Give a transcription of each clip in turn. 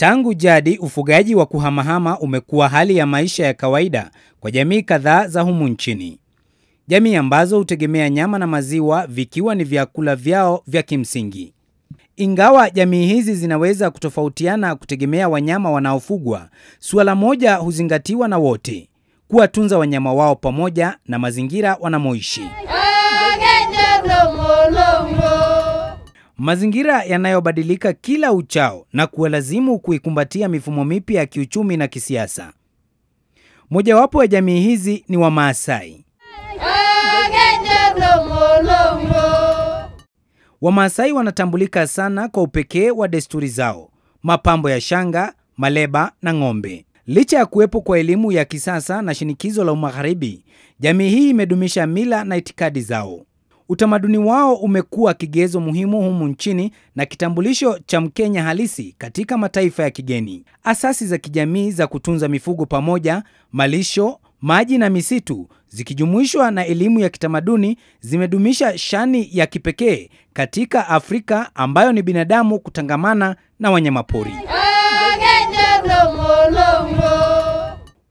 Tangu jadi, ufugaji wa kuhamahama umekuwa hali ya maisha ya kawaida kwa jamii kadhaa za humu nchini, jamii ambazo hutegemea nyama na maziwa vikiwa ni vyakula vyao vya kimsingi. Ingawa jamii hizi zinaweza kutofautiana kutegemea wanyama wanaofugwa, suala moja huzingatiwa na wote: kuwatunza wanyama wao pamoja na mazingira wanamoishi. Mazingira yanayobadilika kila uchao na kuwalazimu kuikumbatia mifumo mipya ya kiuchumi na kisiasa. Mojawapo ya jamii hizi ni Wamaasai. Wamaasai wanatambulika sana kwa upekee wa desturi zao, mapambo ya shanga, maleba na ng'ombe. Licha ya kuwepo kwa elimu ya kisasa na shinikizo la umagharibi jamii hii imedumisha mila na itikadi zao. Utamaduni wao umekuwa kigezo muhimu humu nchini na kitambulisho cha Mkenya halisi katika mataifa ya kigeni. Asasi za kijamii za kutunza mifugo pamoja, malisho, maji na misitu zikijumuishwa na elimu ya kitamaduni zimedumisha shani ya kipekee katika Afrika ambayo ni binadamu kutangamana na wanyamapori.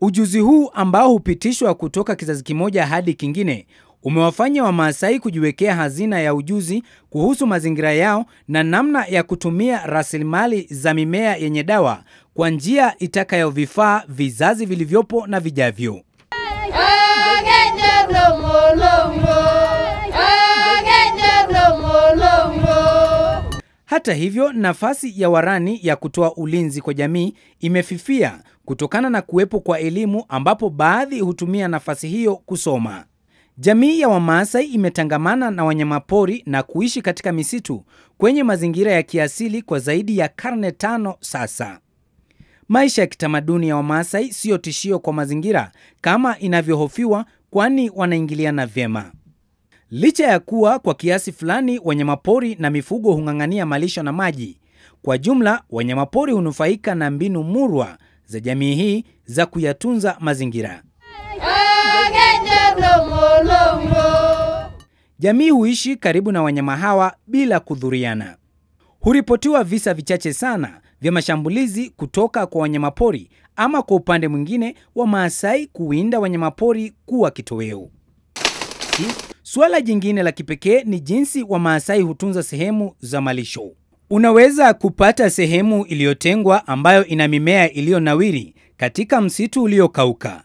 Ujuzi huu ambao hupitishwa kutoka kizazi kimoja hadi kingine umewafanya Wamaasai kujiwekea hazina ya ujuzi kuhusu mazingira yao na namna ya kutumia rasilimali za mimea yenye dawa kwa njia itakayovifaa vizazi vilivyopo na vijavyo. Hata hivyo, nafasi ya warani ya kutoa ulinzi kwa jamii imefifia kutokana na kuwepo kwa elimu ambapo baadhi hutumia nafasi hiyo kusoma. Jamii ya Wamaasai imetangamana na wanyamapori na kuishi katika misitu kwenye mazingira ya kiasili kwa zaidi ya karne tano sasa. Maisha ya kitamaduni ya Wamaasai siyo tishio kwa mazingira kama inavyohofiwa, kwani wanaingiliana vyema. Licha ya kuwa kwa kiasi fulani wanyamapori na mifugo hung'ang'ania malisho na maji, kwa jumla wanyamapori hunufaika na mbinu murwa za jamii hii za kuyatunza mazingira. Jamii huishi karibu na wanyama hawa bila kudhuriana. Huripotiwa visa vichache sana vya mashambulizi kutoka kwa wanyamapori ama kwa upande mwingine wa Maasai kuwinda wanyamapori kuwa kitoweo. Suala jingine la kipekee ni jinsi wa Maasai hutunza sehemu za malisho. Unaweza kupata sehemu iliyotengwa ambayo ina mimea iliyonawiri katika msitu uliokauka.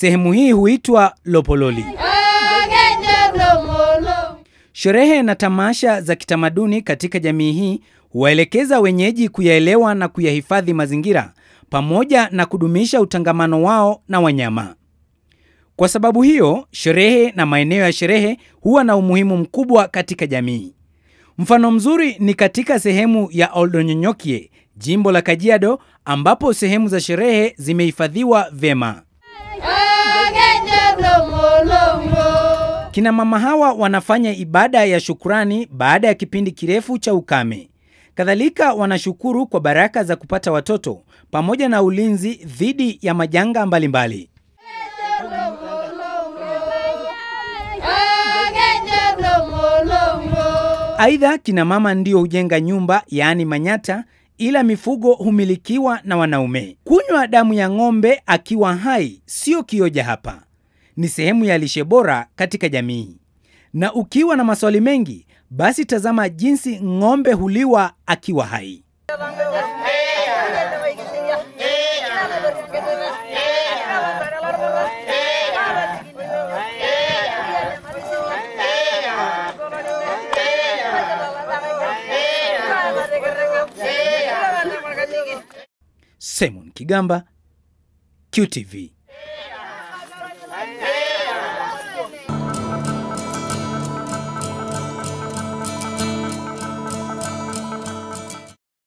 Sehemu hii huitwa Lopololi. Sherehe na tamasha za kitamaduni katika jamii hii huwaelekeza wenyeji kuyaelewa na kuyahifadhi mazingira pamoja na kudumisha utangamano wao na wanyama. Kwa sababu hiyo, sherehe na maeneo ya sherehe huwa na umuhimu mkubwa katika jamii. Mfano mzuri ni katika sehemu ya Oldonyonyokie, jimbo la Kajiado, ambapo sehemu za sherehe zimehifadhiwa vema. Kina mama hawa wanafanya ibada ya shukurani baada ya kipindi kirefu cha ukame. Kadhalika wanashukuru kwa baraka za kupata watoto pamoja na ulinzi dhidi ya majanga mbalimbali. Aidha, kina mama ndio hujenga nyumba, yaani manyata, ila mifugo humilikiwa na wanaume. Kunywa damu ya ng'ombe akiwa hai sio kioja hapa ni sehemu ya lishe bora katika jamii. Na ukiwa na maswali mengi, basi tazama jinsi ng'ombe huliwa akiwa hai. Simon Kigamba, QTV. 안 돼.